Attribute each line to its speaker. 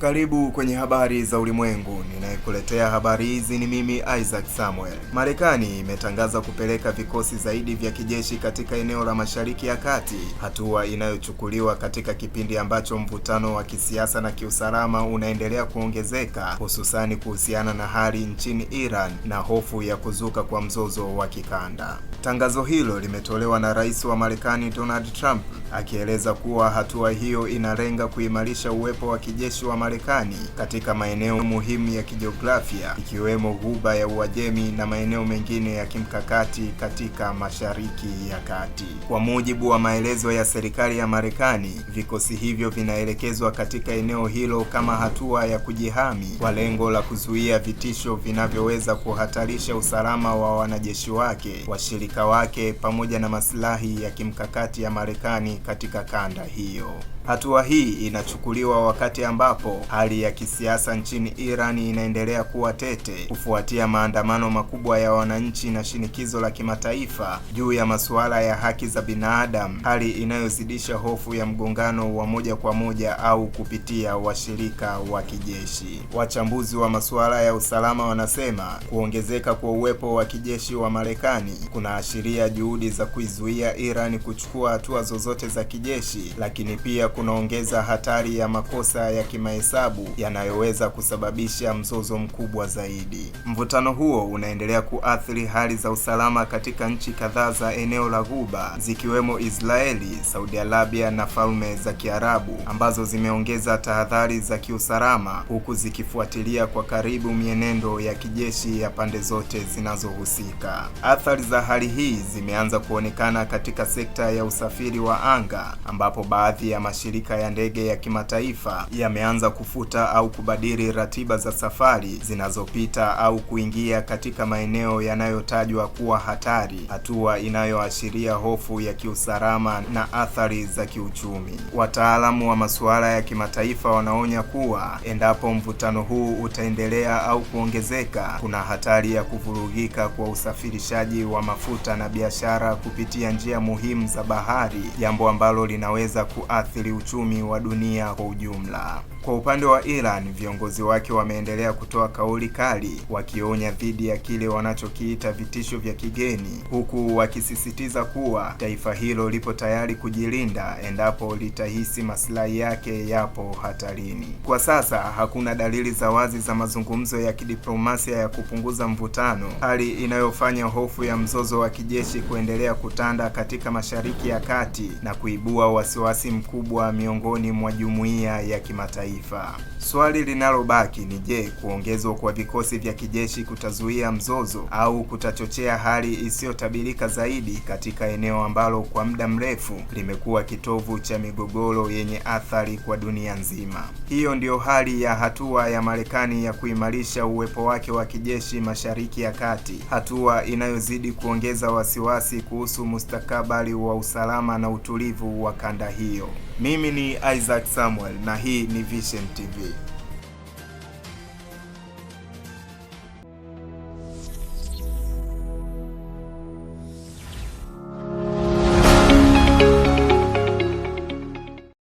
Speaker 1: Karibu kwenye habari za ulimwengu. Ninayekuletea habari hizi ni mimi Isaac Samuel. Marekani imetangaza kupeleka vikosi zaidi vya kijeshi katika eneo la Mashariki ya Kati, hatua inayochukuliwa katika kipindi ambacho mvutano wa kisiasa na kiusalama unaendelea kuongezeka, hususani kuhusiana na hali nchini Iran na hofu ya kuzuka kwa mzozo wa kikanda. Tangazo hilo limetolewa na Rais wa Marekani Donald Trump akieleza kuwa hatua hiyo inalenga kuimarisha uwepo wa kijeshi wa Marekani katika maeneo muhimu ya kijiografia ikiwemo Ghuba ya Uajemi na maeneo mengine ya kimkakati katika Mashariki ya Kati. Kwa mujibu wa maelezo ya serikali ya Marekani, vikosi hivyo vinaelekezwa katika eneo hilo kama hatua ya kujihami kwa lengo la kuzuia vitisho vinavyoweza kuhatarisha usalama wa wanajeshi wake, washirika wake pamoja na maslahi ya kimkakati ya Marekani katika kanda hiyo. Hatua hii inachukuliwa wakati ambapo hali ya kisiasa nchini Iran inaendelea kuwa tete kufuatia maandamano makubwa ya wananchi na shinikizo la kimataifa juu ya masuala ya haki za binadamu, hali inayozidisha hofu ya mgongano wa moja kwa moja au kupitia washirika wa kijeshi. Wachambuzi wa masuala ya usalama wanasema kuongezeka kwa uwepo wa kijeshi wa Marekani kunaashiria juhudi za kuizuia Iran kuchukua hatua zozote za kijeshi, lakini pia kunaongeza hatari ya makosa ya kimahesabu yanayoweza kusababisha mzozo mkubwa zaidi. Mvutano huo unaendelea kuathiri hali za usalama katika nchi kadhaa za eneo la Ghuba zikiwemo Israeli, Saudi Arabia na Falme za Kiarabu ambazo zimeongeza tahadhari za kiusalama huku zikifuatilia kwa karibu mienendo ya kijeshi ya pande zote zinazohusika. Athari za hali hii zimeanza kuonekana katika sekta ya usafiri wa anga ambapo baadhi ya mashirika ya ndege ya kimataifa yameanza kufuta au kubadili ratiba za safari zinazopita au kuingia katika maeneo yanayotajwa kuwa hatari, hatua inayoashiria hofu ya kiusalama na athari za kiuchumi. Wataalamu wa masuala ya kimataifa wanaonya kuwa endapo mvutano huu utaendelea au kuongezeka, kuna hatari ya kuvurugika kwa usafirishaji wa mafuta na biashara kupitia njia muhimu za bahari, jambo ambalo linaweza kuathiri kuathiri uchumi wa dunia kwa ujumla. Kwa upande wa Iran, viongozi wake wameendelea kutoa kauli kali wakionya dhidi ya kile wanachokiita vitisho vya kigeni, huku wakisisitiza kuwa taifa hilo lipo tayari kujilinda endapo litahisi maslahi yake yapo hatarini. Kwa sasa hakuna dalili za wazi za mazungumzo ya kidiplomasia ya kupunguza mvutano, hali inayofanya hofu ya mzozo wa kijeshi kuendelea kutanda katika Mashariki ya Kati na kuibua wasiwasi mkubwa kubwa miongoni mwa jumuiya ya kimataifa. Swali linalobaki ni je, kuongezwa kwa vikosi vya kijeshi kutazuia mzozo au kutachochea hali isiyotabirika zaidi katika eneo ambalo kwa muda mrefu limekuwa kitovu cha migogoro yenye athari kwa dunia nzima. Hiyo ndiyo hali ya hatua ya Marekani ya kuimarisha uwepo wake wa kijeshi Mashariki ya Kati, hatua inayozidi kuongeza wasiwasi kuhusu mustakabali wa usalama na utulivu wa kanda hiyo. Mimi ni Isaac Samuel na hii ni Vision TV.